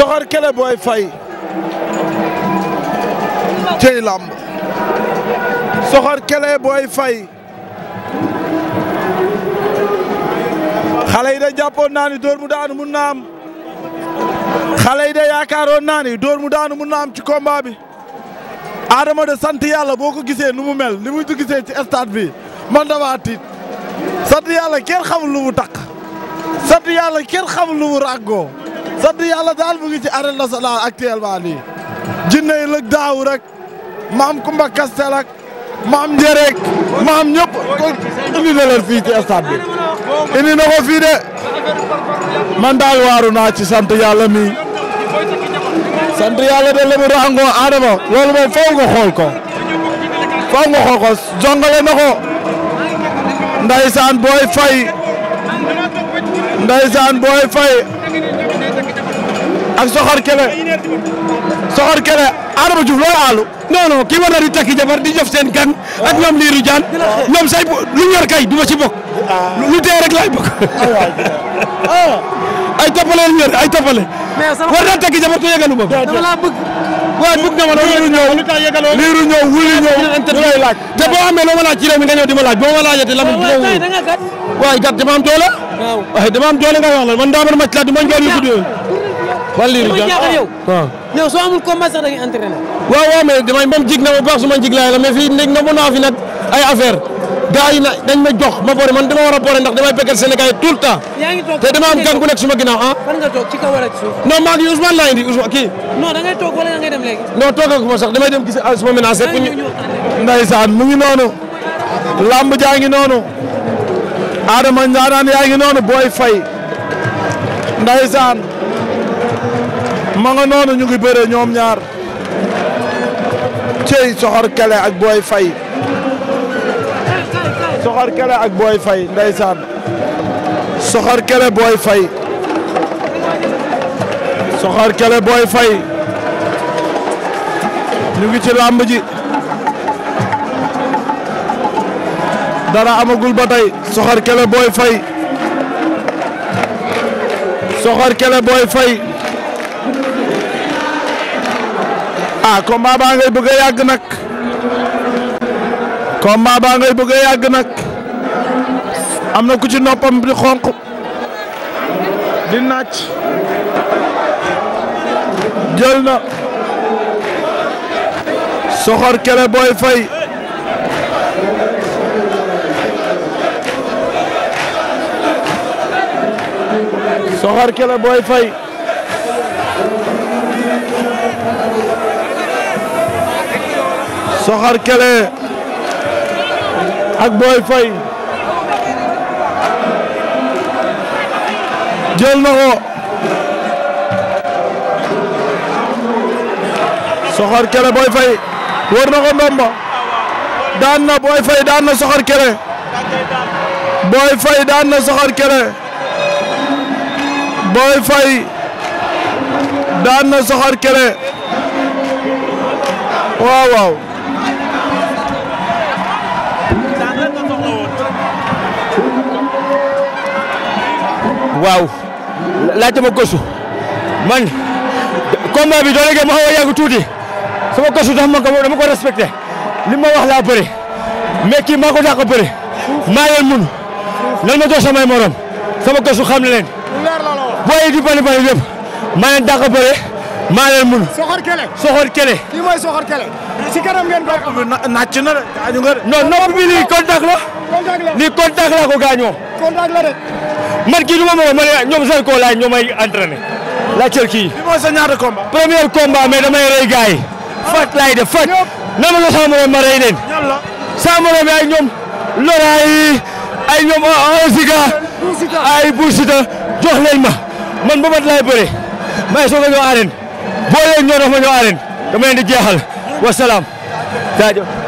soxor kele booy fay cey làmb soxor kele booy fay xale yi de jàppoon naa ni dóor mu daanu mun na am yi de yaakaaroon naa ni dóor mu daanu mu na am ci combat bi Adama de sant yàlla boo ko gisee nu mu mel ni mu gisee ci stade bi man dama tiit sant yàlla kenn xamul lu mu takk sant yàlla kenn lu mu ràggoo sant yàlla daal mu ngi ci arène nationale actuellement nii. jinne daaw rek maam Kumba Kastel maam Njereek maam ñëpp indi na leen fii ci bi indi na ko fii de man daal waaru naa ci sant yàlla mi sant yàlla de lemu rango Adama loolu faw nga xool ko faw nga xool ko jongale na ko ndaysaan booy fay ndaysaan booy fay ak soxor kele soxor kele Adama Diouf loolu aalu non non kii war na di jabar di jëf seen gan ak ñoom liiru jaan ñoom say lu ñor kay du ma ci bokk lu tee rek laay bokk ah, ay tapale lu ñor ay tapale war na takki jabar te yëgalu ma dama la bëgg na ma loolu ñëw liiru ñëw wuli ñëw ñu lay laaj te boo amee loo ma laaj ci réew mi nga ñëw di ma laaj boo ma laajatee la mu waaye gàtt dama am doole waaye dama doole nga wax la man daa mën a màcc laa ma njool yu gudd ban liiru ja yow. waaw yow soo amul combat sax da ngay damay même jig na ma baax su ma jig laay la mais fii nekk na mën naa fi nag ay affaire gars na dañ ma jox ma boole man dama war a boole ndax damay fekkal Sénégal yi tout le temps. yaa ngi toog te dama am gan ku nekk suma ginnaaw ah. fan nga toog ci kaw wala ci suuf. non maa ngi Ousmane laa indi Ousmane dem léegi. non toogagum ma sax damay dem gis ah, suma menace. pour ñu ndeysaan mu ngi noonu. lamb jaa ngi noonu. Adama Ndanane yaa ngi noonu Boy Faye ndeysaan ma nga noonu ñu ngi bëre ñoom ñaar cey soxor kele ak booy fay soxor kele ak booy fay ndeysaan soxor kele booy fay soxor kele booy fay ñu ngi ci làmb ji dara amagul ba tey soxor kele booy fay soxor kele booy ah combat baa ngay bëgg a yàgg bëgg a nag am na ku ci noppam di xonq di naaj jël na soxor kele booy fay soxor kele fay Sokhar Kelle ak Boy Faye jël na ko Sokhar Kelle Boy Faye wër na daan na Boy Faye daan na Sokhar Kelle Boy Faye daan na Sokhar Kelle Boy Faye daan na Sokhar Kelle waaw waaw waaw laajte ma gosu man combat bi doo léegi ma xaw a yàgg tuuti sama gosu dafa ma ko dama ko respecté li ma wax laa bëri mais kii maa ko dàq bëri maa leen mun nan ma jox samay morom sama gosu xam na leen booy di bani bani yëpp maa leen dàq bëri maa leen mun. soxor kele soxor kele. kii mooy soxor kele. si na de. nopp bi lii contact la. lii contact laa ko gaañoo. man kii du ma mën a mën a ñoom Zarko laay ñoom ay entraîné laajteel kii. bi mooy sa ñaata combat. premier combat rey gars ah. fat laay def fat. na ma la sama ma rey leen. ñan la ay ñoom Lora yi ay ñoom Osiga ay ah, ah, Boursita jox ma man bomat laay bëre may soog a ñëw arène boo ñoo dox ma ñëw arène dama leen di jeexal wasalaam jaajëf